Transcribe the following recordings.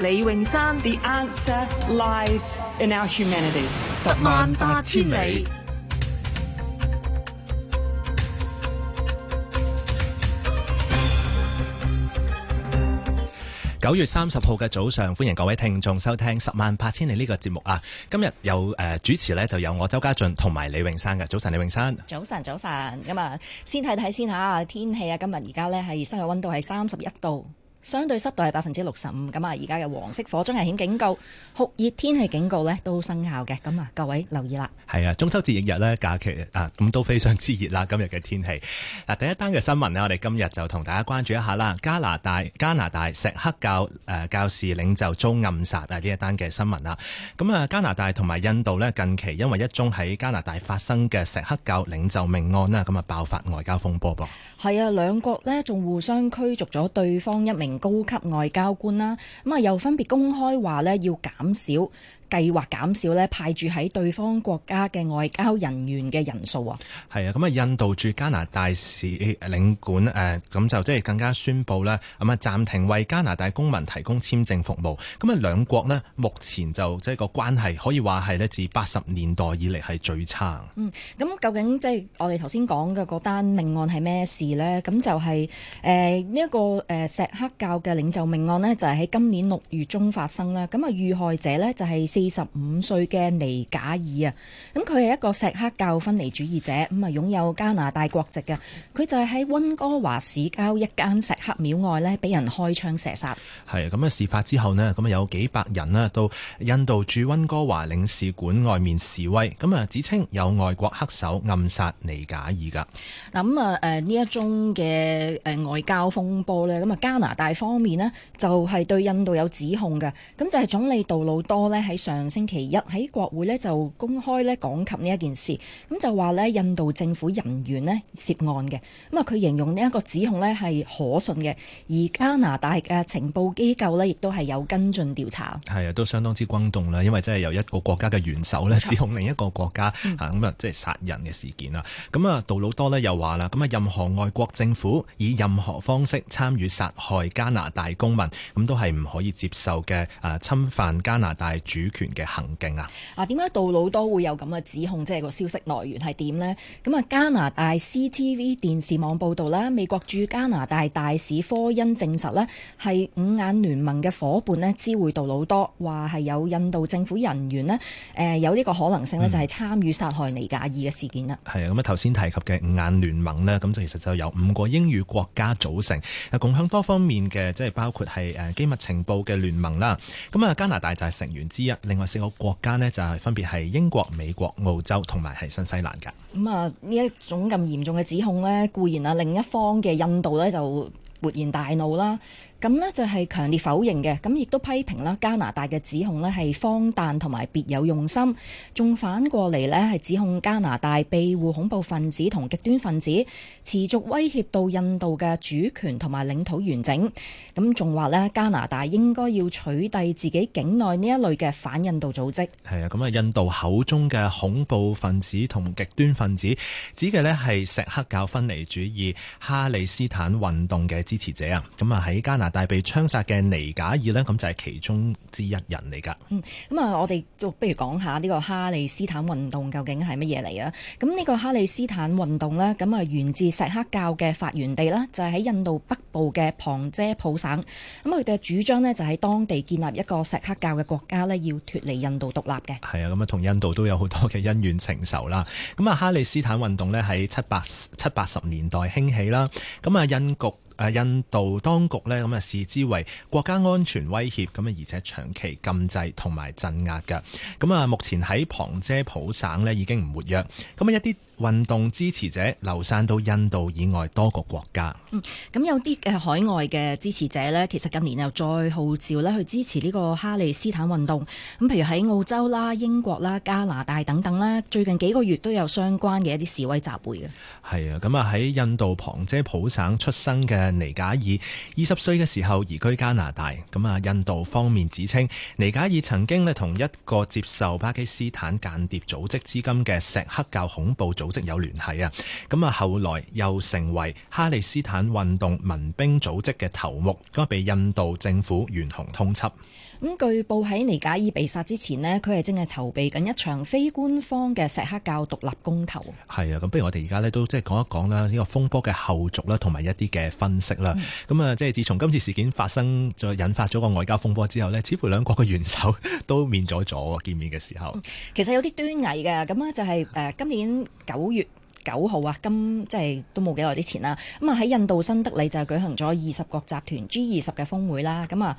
李永山，The answer lies in our humanity。十萬八千里。千里九月三十號嘅早上，歡迎各位聽眾收聽《十萬八千里》呢個節目啊！今日有誒、呃、主持咧，就有我周家俊同埋李永山嘅。早晨，李永山。早晨，早晨。咁啊，先睇睇先吓天氣啊！今日而家咧係室內溫度係三十一度。相對濕度係百分之六十五，咁啊，而家嘅黃色火災危險警告、酷熱天氣警告咧都生效嘅，咁啊，各位留意啦。係啊，中秋節翌日咧假期啊，咁都非常之熱啦。今日嘅天氣嗱，第一單嘅新聞咧，我哋今日就同大家關注一下啦。加拿大加拿大錫克教誒教士領袖遭暗殺啊！呢一單嘅新聞啊，咁啊，加拿大同埋印度咧，近期因為一宗喺加拿大發生嘅錫克教領袖命案啦，咁啊爆發外交風波噃。係啊，兩國咧仲互相驅逐咗對方一名高級外交官啦，咁啊又分別公開話咧，要減少。計劃減少咧派駐喺對方國家嘅外交人員嘅人數啊！係啊，咁啊，印度駐加拿大使領館誒，咁、呃、就即係更加宣佈咧，咁啊，暫停為加拿大公民提供簽證服務。咁啊，兩國呢，目前就即係個關係，可以話係咧自八十年代以嚟係最差。嗯，咁究竟即係我哋頭先講嘅嗰單命案係咩事呢？咁就係誒呢一個誒、呃、錫克教嘅領袖命案呢，就係、是、喺今年六月中發生啦。咁啊，遇害者呢，就係、是。四十五歲嘅尼賈爾啊，咁佢係一個錫克教分離主義者，咁啊擁有加拿大國籍嘅，佢就係喺溫哥華市郊一間錫克廟外呢，俾人開槍射殺。係咁啊！事發之後呢，咁啊有幾百人啦，到印度駐溫哥華領事館外面示威，咁啊指稱有外國黑手暗殺尼賈爾噶。嗱咁啊，誒呢一宗嘅誒外交風波呢，咁啊加拿大方面呢，就係對印度有指控嘅，咁就係、是、總理杜魯多呢。喺。上星期一喺國會咧就公開咧講及呢一件事，咁就話咧印度政府人員咧涉案嘅，咁啊佢形容呢一個指控咧係可信嘅，而加拿大嘅情報機構咧亦都係有跟進調查。係啊，都相當之轟動啦，因為真係由一個國家嘅元首咧指控另一個國家吓，咁啊即係殺人嘅事件啦。咁啊杜魯多咧又話啦，咁啊任何外國政府以任何方式參與殺害加拿大公民，咁都係唔可以接受嘅，啊侵犯加拿大主權。嘅行徑啊！啊點解杜魯多會有咁嘅指控？即係個消息來源係點呢？咁啊，加拿大 CTV 電視網報道啦，美國駐加拿大大使科恩證實呢，係五眼聯盟嘅伙伴呢，知會杜魯多話係有印度政府人員呢，誒有呢個可能性呢，就係參與殺害尼加爾嘅事件啦。係啊、嗯！咁啊頭先提及嘅五眼聯盟呢，咁其實就由五個英語國家組成，共享多方面嘅即係包括係誒機密情報嘅聯盟啦。咁啊，加拿大就係成員之一。另外四個國家呢，就係分別係英國、美國、澳洲同埋係新西蘭㗎。咁啊，呢一種咁嚴重嘅指控呢，固然啊，另一方嘅印度呢，就勃然大怒啦。咁呢就係強烈否認嘅，咁亦都批評啦，加拿大嘅指控呢係荒誕同埋別有用心，仲反過嚟呢係指控加拿大庇護恐怖分子同極端分子，持續威脅到印度嘅主權同埋領土完整。咁仲話呢，加拿大應該要取締自己境內呢一類嘅反印度組織。係啊，咁啊印度口中嘅恐怖分子同極端分子指嘅呢係錫克教分離主義哈里斯坦運動嘅支持者啊，咁啊喺加拿大。但被槍殺嘅尼賈爾呢，咁就係其中之一人嚟噶。嗯，咁啊，我哋就不如講下呢個哈里斯坦運動究竟係乜嘢嚟啊？咁呢個哈里斯坦運動呢，咁啊源自錫克教嘅發源地啦，就係、是、喺印度北部嘅旁遮普省。咁佢嘅主張呢，就喺、是、當地建立一個錫克教嘅國家呢，要脫離印度獨立嘅。係啊，咁啊同印度都有好多嘅恩怨情仇啦。咁啊，哈里斯坦運動呢，喺七八七八十年代興起啦。咁啊，印局。印度當局呢，咁啊視之為國家安全威脅，咁啊，而且長期禁製同埋鎮壓㗎。咁啊，目前喺旁遮普省呢，已經唔活躍。咁啊一啲。運動支持者流散到印度以外多個國家。嗯，咁有啲嘅海外嘅支持者呢，其實近年又再號召呢去支持呢個哈利斯坦運動。咁、嗯、譬如喺澳洲啦、英國啦、加拿大等等啦，最近幾個月都有相關嘅一啲示威集會嘅。係啊，咁啊喺印度旁遮普省出生嘅尼賈爾，二十歲嘅時候移居加拿大。咁、嗯、啊，印度方面指稱尼賈爾曾經咧同一個接受巴基斯坦間諜組織資金嘅錫克教恐怖組組織有聯繫啊，咁啊後來又成為哈利斯坦運動民兵組織嘅頭目，咁被印度政府懸紅通緝。咁據報喺尼加爾被殺之前呢，佢係正係籌備緊一場非官方嘅錫克教獨立公投。係啊，咁不如我哋而家咧都即係講一講啦，呢個風波嘅後續啦，同埋一啲嘅分析啦。咁啊、嗯，即係自從今次事件發生，就引發咗個外交風波之後呢，似乎兩國嘅元首都免咗阻見面嘅時候、嗯。其實有啲端倪嘅，咁咧就係、是、誒今年九。九月九號啊，今即係都冇幾耐之前啦，咁啊喺印度新德里就舉行咗二十國集團 G 二十嘅峰會啦，咁啊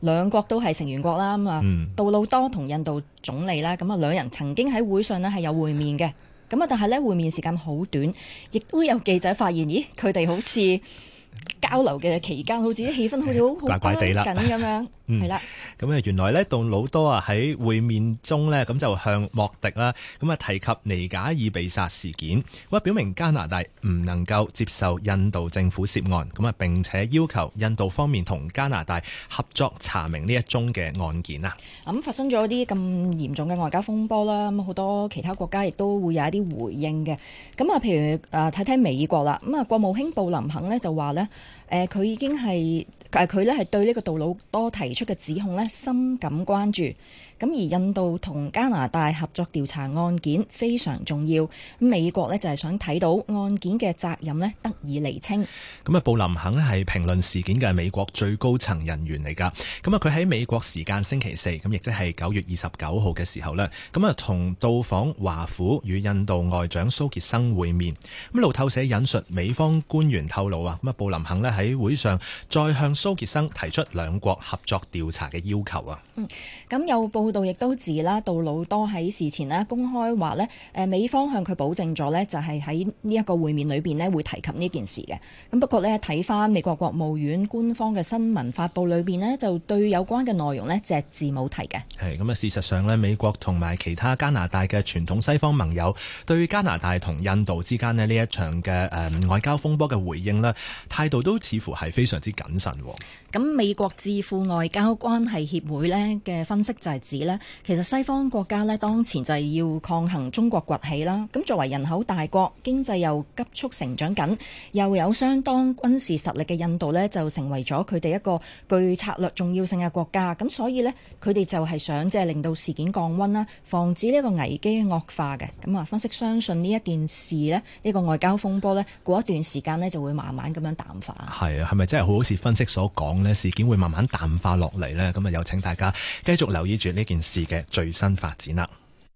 兩國都係成員國啦，咁啊、嗯、杜魯多同印度總理啦，咁啊兩人曾經喺會上呢係有會面嘅，咁啊但係呢會面時間好短，亦都有記者發現，咦佢哋好似交流嘅期間，好似啲氣氛好似好好怪怪地啦，咁樣。嗯，咁啊，原來呢，杜魯多啊喺會面中呢，咁就向莫迪啦，咁啊提及尼賈爾被殺事件，哇，表明加拿大唔能夠接受印度政府涉案，咁啊並且要求印度方面同加拿大合作查明呢一宗嘅案件啊。咁發生咗啲咁嚴重嘅外交風波啦，咁好多其他國家亦都會有一啲回應嘅。咁啊，譬如誒睇睇美國啦，咁啊國務卿布林肯呢，就話呢，誒佢已經係。佢佢咧係對呢個杜魯多提出嘅指控咧深感關注。咁而印度同加拿大合作調查案件非常重要，咁美國呢就係想睇到案件嘅責任呢得以釐清。咁啊，布林肯係評論事件嘅美國最高層人員嚟㗎，咁啊，佢喺美國時間星期四，咁亦即係九月二十九號嘅時候咧，咁啊，同到訪華府與印度外長蘇傑生會面。咁路透社引述美方官員透露啊，咁啊，布林肯咧喺會上再向蘇傑生提出兩國合作調查嘅要求啊。嗯，咁有報。也知道亦都指啦，杜魯多喺事前咧公開話咧，誒美方向佢保證咗咧，就係喺呢一個會面裏邊咧會提及呢件事嘅。咁不過咧睇翻美國國務院官方嘅新聞發布裏邊咧，就對有關嘅內容咧隻字冇提嘅。係咁啊，事實上咧，美國同埋其他加拿大嘅傳統西方盟友對加拿大同印度之間咧呢一場嘅誒、呃、外交風波嘅回應咧，態度都似乎係非常之謹慎。咁美國智庫外交關係協會咧嘅分析就係指。其實西方國家咧，當前就係要抗衡中國崛起啦。咁作為人口大國、經濟又急速成長緊、又有相當軍事實力嘅印度呢，就成為咗佢哋一個具策略重要性嘅國家。咁所以呢，佢哋就係想即係令到事件降溫啦，防止呢一個危機惡化嘅。咁啊，分析相信呢一件事呢，呢個外交風波呢，過一段時間呢就會慢慢咁樣淡化。係啊，係咪真係好好似分析所講呢？事件會慢慢淡化落嚟呢。咁啊，有請大家繼續留意住呢件事嘅最新發展啦！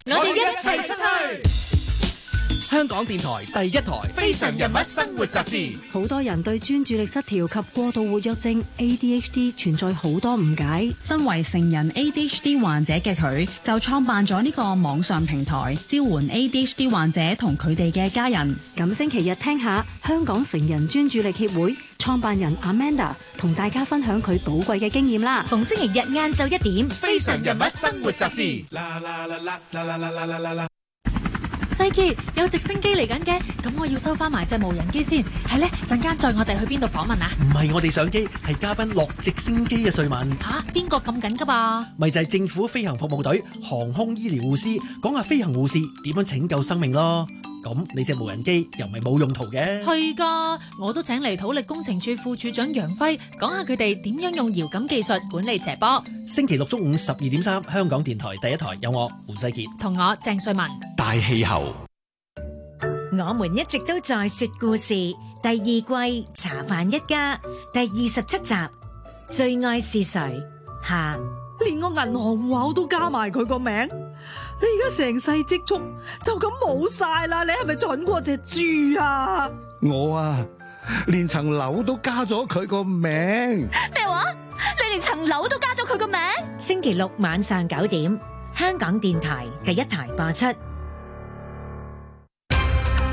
我哋一齊出去。香港電台第一台《非常人物生活雜誌》。好多人對專注力失調及過度活躍症 （ADHD） 存在好多誤解。身為成人 ADHD 患者嘅佢，就創辦咗呢個網上平台，召喚 ADHD 患者同佢哋嘅家人。咁星期日聽下香港成人專注力協會創辦人 Amanda 同大家分享佢寶貴嘅經驗啦。逢星期日晏晝一點，《非常人物生活雜誌》。細杰有直升機嚟緊嘅，咁我要收翻埋隻無人機先係咧。陣間載我哋去邊度訪問啊？唔係我哋上機，係嘉賓落直升機嘅，瑞文吓，邊、啊、個咁緊噶嘛、啊？咪就係政府飛行服務隊航空醫療護士，講下飛行護士點樣拯救生命咯。咁你隻無人機又唔係冇用途嘅，係噶我都請嚟土力工程署副署長楊輝講下佢哋點樣用遙感技術管理斜坡。星期六中午十二點三，香港電台第一台有我胡世杰同我鄭瑞文。大氣候，我們一直都在說故事第二季茶飯一家第二十七集最愛是誰吓，連個銀行戶口都加埋佢個名。你而家成世積蓄就咁冇晒啦！你係咪蠢過隻豬啊？我啊，連層樓都加咗佢個名。咩話？你連層樓都加咗佢個名？星期六晚上九點，香港電台第一台播出。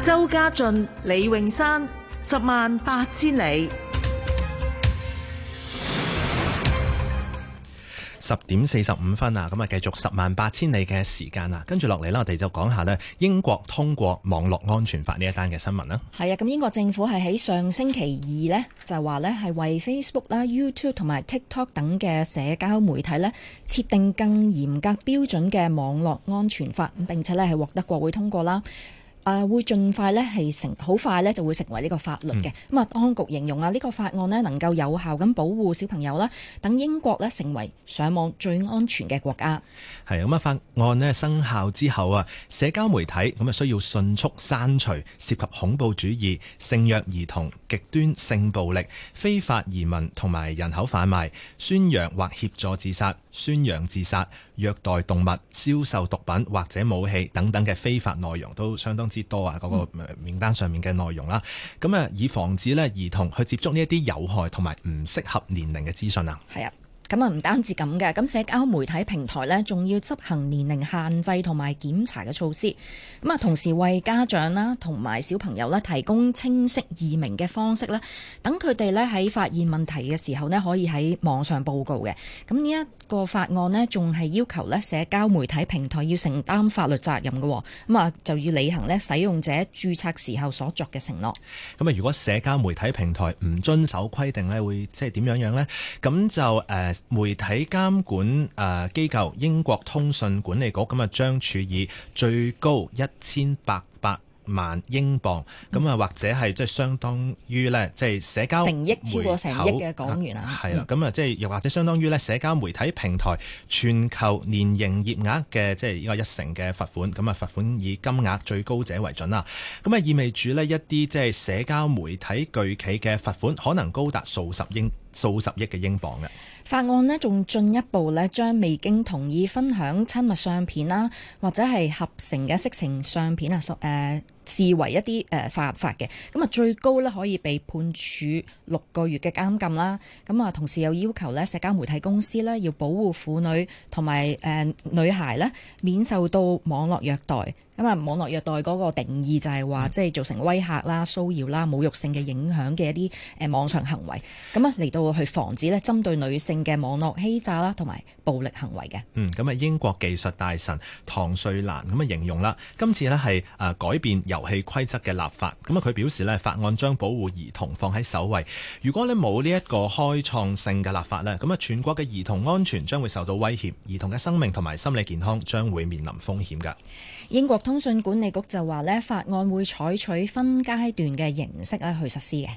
周家俊、李詠山，十萬八千里。十點四十五分啊，咁啊繼續十萬八千里嘅時間啊，跟住落嚟呢，我哋就講下呢英國通過網絡安全法呢一單嘅新聞啦。係啊，咁英國政府係喺上星期二呢，就話呢係為 Facebook 啦、YouTube 同埋 TikTok 等嘅社交媒體呢，設定更嚴格標準嘅網絡安全法，並且呢係獲得國會通過啦。啊！會盡快咧係成好快咧就會成為呢個法律嘅咁啊！嗯、當局形容啊，呢個法案咧能夠有效咁保護小朋友啦，等英國咧成為上網最安全嘅國家。係咁啊！法案咧生效之後啊，社交媒體咁啊需要迅速刪除涉及恐怖主義、性虐兒童、極端性暴力、非法移民同埋人口販賣、宣揚或協助自殺、宣揚自殺。虐待動物、銷售毒品或者武器等等嘅非法內容都相當之多啊！嗰個名單上面嘅內容啦，咁啊，以防止呢兒童去接觸呢一啲有害同埋唔適合年齡嘅資訊啊。係啊，咁啊唔單止咁嘅，咁社交媒體平台呢，仲要執行年齡限制同埋檢查嘅措施，咁啊同時為家長啦同埋小朋友呢提供清晰易明嘅方式啦。等佢哋呢，喺發現問題嘅時候呢，可以喺網上報告嘅。咁呢一個法案呢，仲係要求咧社交媒體平台要承擔法律責任嘅，咁啊就要履行咧使用者註冊時候所作嘅承諾。咁啊，如果社交媒體平台唔遵守規定呢，會即係點樣樣呢？咁就誒媒體監管誒機構英國通訊管理局咁啊，將處以最高一千八百萬英鎊咁啊，嗯、或者係即相當於即社交成億超過成億嘅港元啊，啦、嗯。咁啊，即又或者相當於社交媒體平台全球年營業額嘅即一成嘅罰款。咁啊，罰款以金額最高者為準啦。咁啊，意味住一啲即社交媒體巨企嘅罰款可能高達數十英數十億嘅英鎊嘅法案咧，仲進一步咧將未經同意分享親密相片啦，或者係合成嘅色情相片啊，呃視為一啲誒犯法嘅，咁啊最高咧可以被判處六個月嘅監禁啦。咁啊，同時又要求呢社交媒體公司呢要保護婦女同埋女孩呢免受到網絡虐待。咁啊，網絡虐待嗰個定義就係話，即係造成威嚇啦、騷擾啦、侮辱性嘅影響嘅一啲誒網上行為。咁啊，嚟到去防止呢針對女性嘅網絡欺詐啦同埋暴力行為嘅、嗯。嗯，咁、嗯、啊、嗯、英國技術大臣唐瑞蘭咁啊形容啦，今次呢係、呃、改變。遊戲規則嘅立法，咁啊佢表示咧法案將保護兒童放喺首位。如果你冇呢一個開創性嘅立法呢，咁啊全國嘅兒童安全將會受到威脅，兒童嘅生命同埋心理健康將會面臨風險噶。英國通訊管理局就話咧，法案會採取分階段嘅形式咧去實施嘅。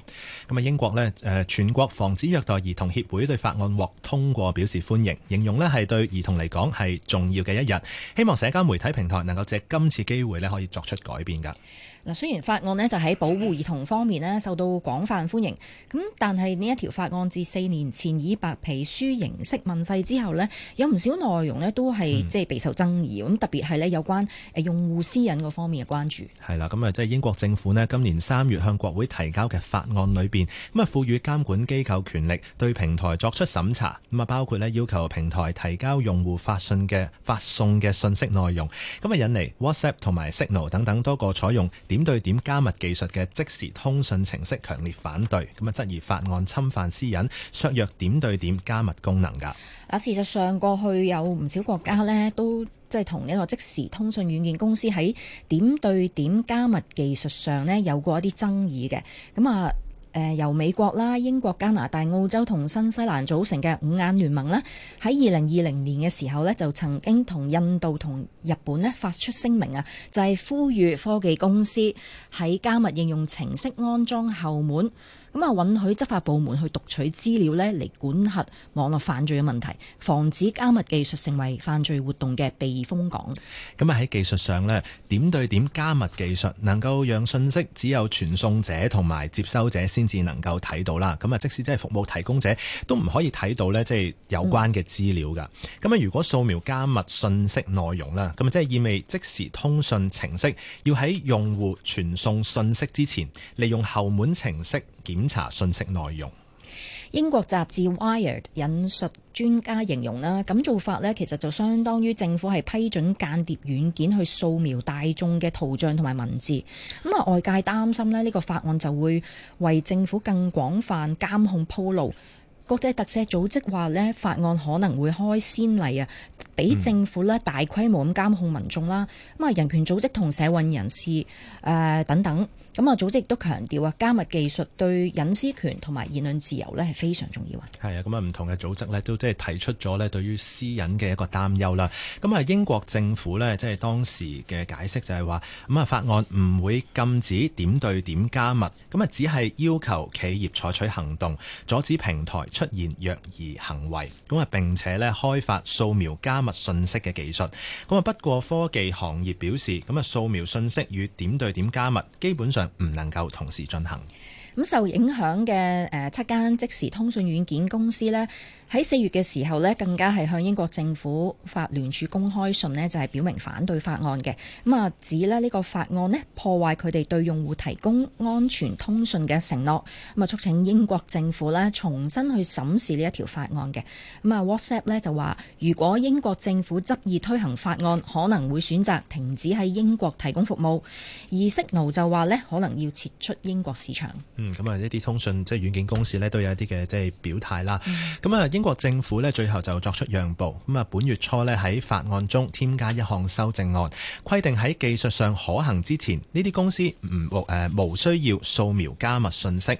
咁啊，英國咧誒，全國防止虐待兒童協會對法案獲通過表示歡迎，形容咧係對兒童嚟講係重要嘅一日，希望社交媒體平台能夠借今次機會咧可以作出改變噶。嗱，雖然法案咧就喺保護兒童方面咧受到廣泛歡迎，咁但係呢一條法案自四年前以白皮書形式問世之後咧，有唔少內容咧都係即係備受爭議，咁、嗯、特別係咧有關誒用戶私隱嗰方面嘅關注。係啦，咁啊即係英國政府咧今年三月向國會提交嘅法案裏邊，咁啊賦予監管機構權力對平台作出審查，咁啊包括咧要求平台提交用戶發信嘅發送嘅信息內容，咁啊引嚟 WhatsApp 同埋 Signal 等等多個採用點對點加密技術嘅即時通訊程式強烈反對，咁啊質疑法案侵犯私隱，削弱點對點加密功能噶。啊，事實上過去有唔少國家咧，都即係同一個即時通訊軟件公司喺點對點加密技術上咧，有過一啲爭議嘅，咁啊。誒、呃、由美國啦、英國、加拿大、澳洲同新西蘭組成嘅五眼聯盟咧，喺二零二零年嘅時候咧，就曾經同印度同日本咧發出聲明啊，就係、是、呼籲科技公司喺加密應用程式安裝後門。咁啊，允許執法部門去讀取資料咧，嚟管轄網絡犯罪嘅問題，防止加密技術成為犯罪活動嘅避風港。咁啊，喺技術上咧，點對點加密技術能夠讓信息只有傳送者同埋接收者先至能夠睇到啦。咁啊，即使即係服務提供者都唔可以睇到咧，即係有關嘅資料噶。咁啊、嗯，如果掃描加密信息內容啦，咁啊，即係意味即時通訊程式要喺用戶傳送信息之前，利用後門程式。檢查信息內容。英國雜誌《Wired》引述專家形容啦，咁做法咧，其實就相當於政府係批准間諜軟件去掃描大眾嘅圖像同埋文字。咁啊，外界擔心咧，呢個法案就會為政府更廣泛監控鋪路。國際特赦組織話咧，法案可能會開先例啊，畀政府咧大規模咁監控民眾啦。咁啊、嗯，人權組織同社運人士誒、呃、等等，咁啊，組織亦都強調啊，加密技術對隱私權同埋言論自由咧係非常重要啊。係啊，咁啊，唔同嘅組織咧都即係提出咗咧對於私隱嘅一個擔憂啦。咁啊，英國政府咧即係當時嘅解釋就係話，咁啊，法案唔會禁止點對點加密，咁啊，只係要求企業採取行動，阻止平台。出現虐兒行為，咁啊，並且咧開發掃描加密信息嘅技術，咁啊，不過科技行業表示，咁啊，掃描信息與點對點加密基本上唔能夠同時進行。咁受影響嘅七間即時通訊軟件公司咧，喺四月嘅時候更加係向英國政府發聯署公開信就係表明反對法案嘅咁啊，指咧呢個法案破壞佢哋對用戶提供安全通訊嘅承諾咁啊，促請英國政府重新去審視呢一條法案嘅咁啊，WhatsApp 就話如果英國政府執意推行法案，可能會選擇停止喺英國提供服務，而 Signal 就話可能要撤出英國市場。咁啊，呢啲、嗯、通訊即係軟件公司咧，都有一啲嘅即係表態啦。咁啊、嗯，英國政府咧最後就作出讓步。咁啊，本月初咧喺法案中添加一項修正案，規定喺技術上可行之前，呢啲公司唔誒無需要掃描加密信息。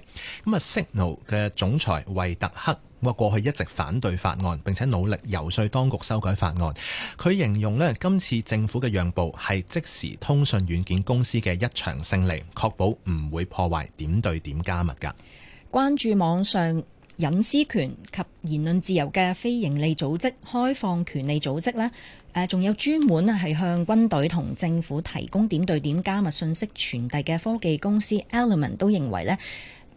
咁啊，Signal 嘅總裁惠特克。話過去一直反對法案，並且努力遊說當局修改法案。佢形容咧，今次政府嘅讓步係即時通訊軟件公司嘅一場勝利，確保唔會破壞點對點加密㗎。關注網上隱私權及言論自由嘅非盈利組織開放權利組織咧，誒，仲有專門係向軍隊同政府提供點對點加密信息傳遞嘅科技公司 Element 都認為咧。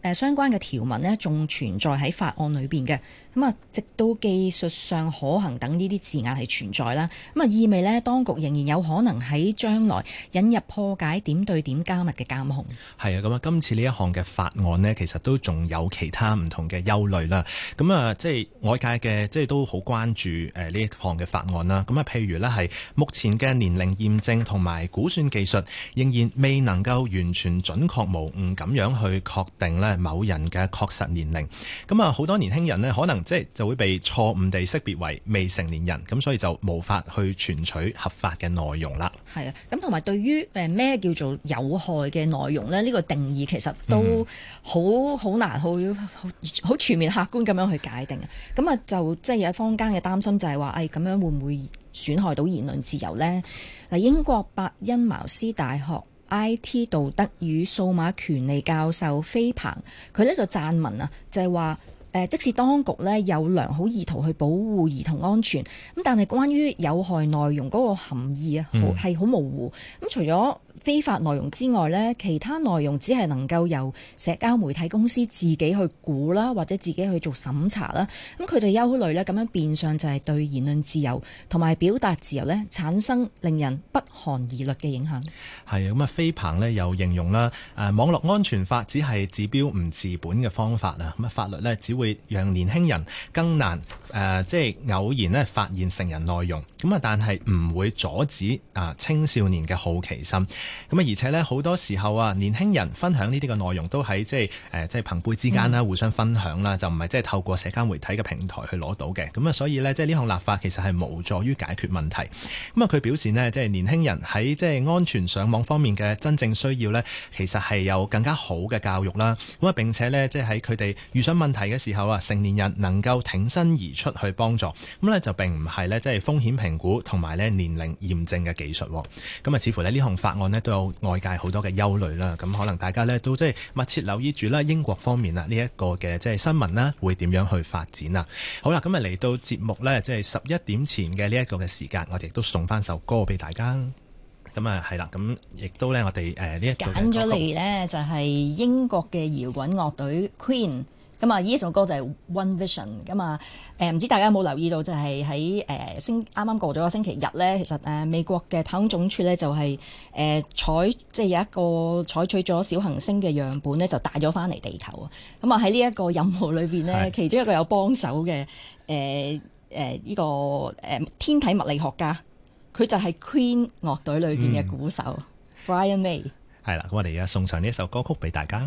誒，相關嘅條文呢，仲存在喺法案裏邊嘅。咁啊，直到技術上可行等呢啲字眼係存在啦。咁啊，意味呢，當局仍然有可能喺將來引入破解點對點加密嘅監控。係啊，咁啊，今次呢一項嘅法案呢，其實都仲有其他唔同嘅憂慮啦。咁啊，即係外界嘅，即係都好關注誒呢一項嘅法案啦。咁啊，譬如呢，係目前嘅年齡驗證同埋估算技術，仍然未能夠完全準確無誤咁樣去確定呢，係某人嘅確實年齡，咁啊，好多年輕人呢，可能即係就會被錯誤地識別為未成年人，咁所以就無法去存取合法嘅內容啦。係啊，咁同埋對於誒咩叫做有害嘅內容呢，呢、呢個定義其實都好好、嗯、難去好好全面客觀咁樣去界定。咁啊，就即係有一坊間嘅擔心就是說，就係話，誒，咁樣會唔會損害到言論自由呢？」嗱，英國伯恩茅斯大學。I.T 道德與數碼權利教授飛鵬，佢咧就撰文，「啊，就係話誒，即使當局咧有良好意圖去保護兒童安全，咁但係關於有害內容嗰個含義啊，係好模糊。咁、嗯、除咗非法內容之外呢，其他內容只係能夠由社交媒體公司自己去估啦，或者自己去做審查啦。咁佢就憂慮呢，咁樣變相就係對言論自由同埋表達自由呢產生令人不寒而栗嘅影響。係啊，咁啊，飛鵬呢又形容啦，誒、啊，網絡安全法只係指標唔治本嘅方法啊。咁啊，法律呢只會讓年輕人更難即係、啊就是、偶然呢發現成人內容。咁啊，但係唔會阻止啊青少年嘅好奇心。咁啊，而且咧好多時候啊，年輕人分享呢啲嘅內容都喺即係誒，即係朋輩之間啦，互相分享啦，嗯、就唔係即係透過社交媒體嘅平台去攞到嘅。咁啊，所以呢，即係呢項立法其實係無助於解決問題。咁啊，佢表示呢，即係年輕人喺即係安全上網方面嘅真正需要呢，其實係有更加好嘅教育啦。咁啊，並且呢，即係喺佢哋遇上問題嘅時候啊，成年人能夠挺身而出去幫助。咁呢就並唔係呢，即係風險評估同埋呢年齡驗證嘅技術。咁啊，似乎咧呢項法案咧。都有外界好多嘅憂慮啦，咁可能大家呢都即係密切留意住啦，英國方面啊呢一個嘅即係新聞啦，會點樣去發展啊？好啦，咁啊嚟到節目呢，即係十一點前嘅呢一個嘅時間，我哋亦都送翻首歌俾大家。咁啊，係啦，咁亦都呢，我哋誒呢一揀咗嚟呢，就係英國嘅搖滾樂隊 Queen。咁啊，呢一、嗯、首歌就係 One Vision、嗯。咁、嗯、啊，誒唔知大家有冇留意到就在，就係喺誒星啱啱過咗個星期日咧，其實誒、啊、美國嘅太空總署咧就係、是、誒、呃、採即係有一個採取咗小行星嘅樣本咧，就帶咗翻嚟地球。啊、嗯，咁啊喺呢一個任務裏邊咧，是其中一個有幫手嘅誒誒呢個誒、呃、天體物理學家，佢就係 Queen 樂隊裏邊嘅鼓手、嗯、Brian May。係啦，咁我哋啊送上呢一首歌曲俾大家。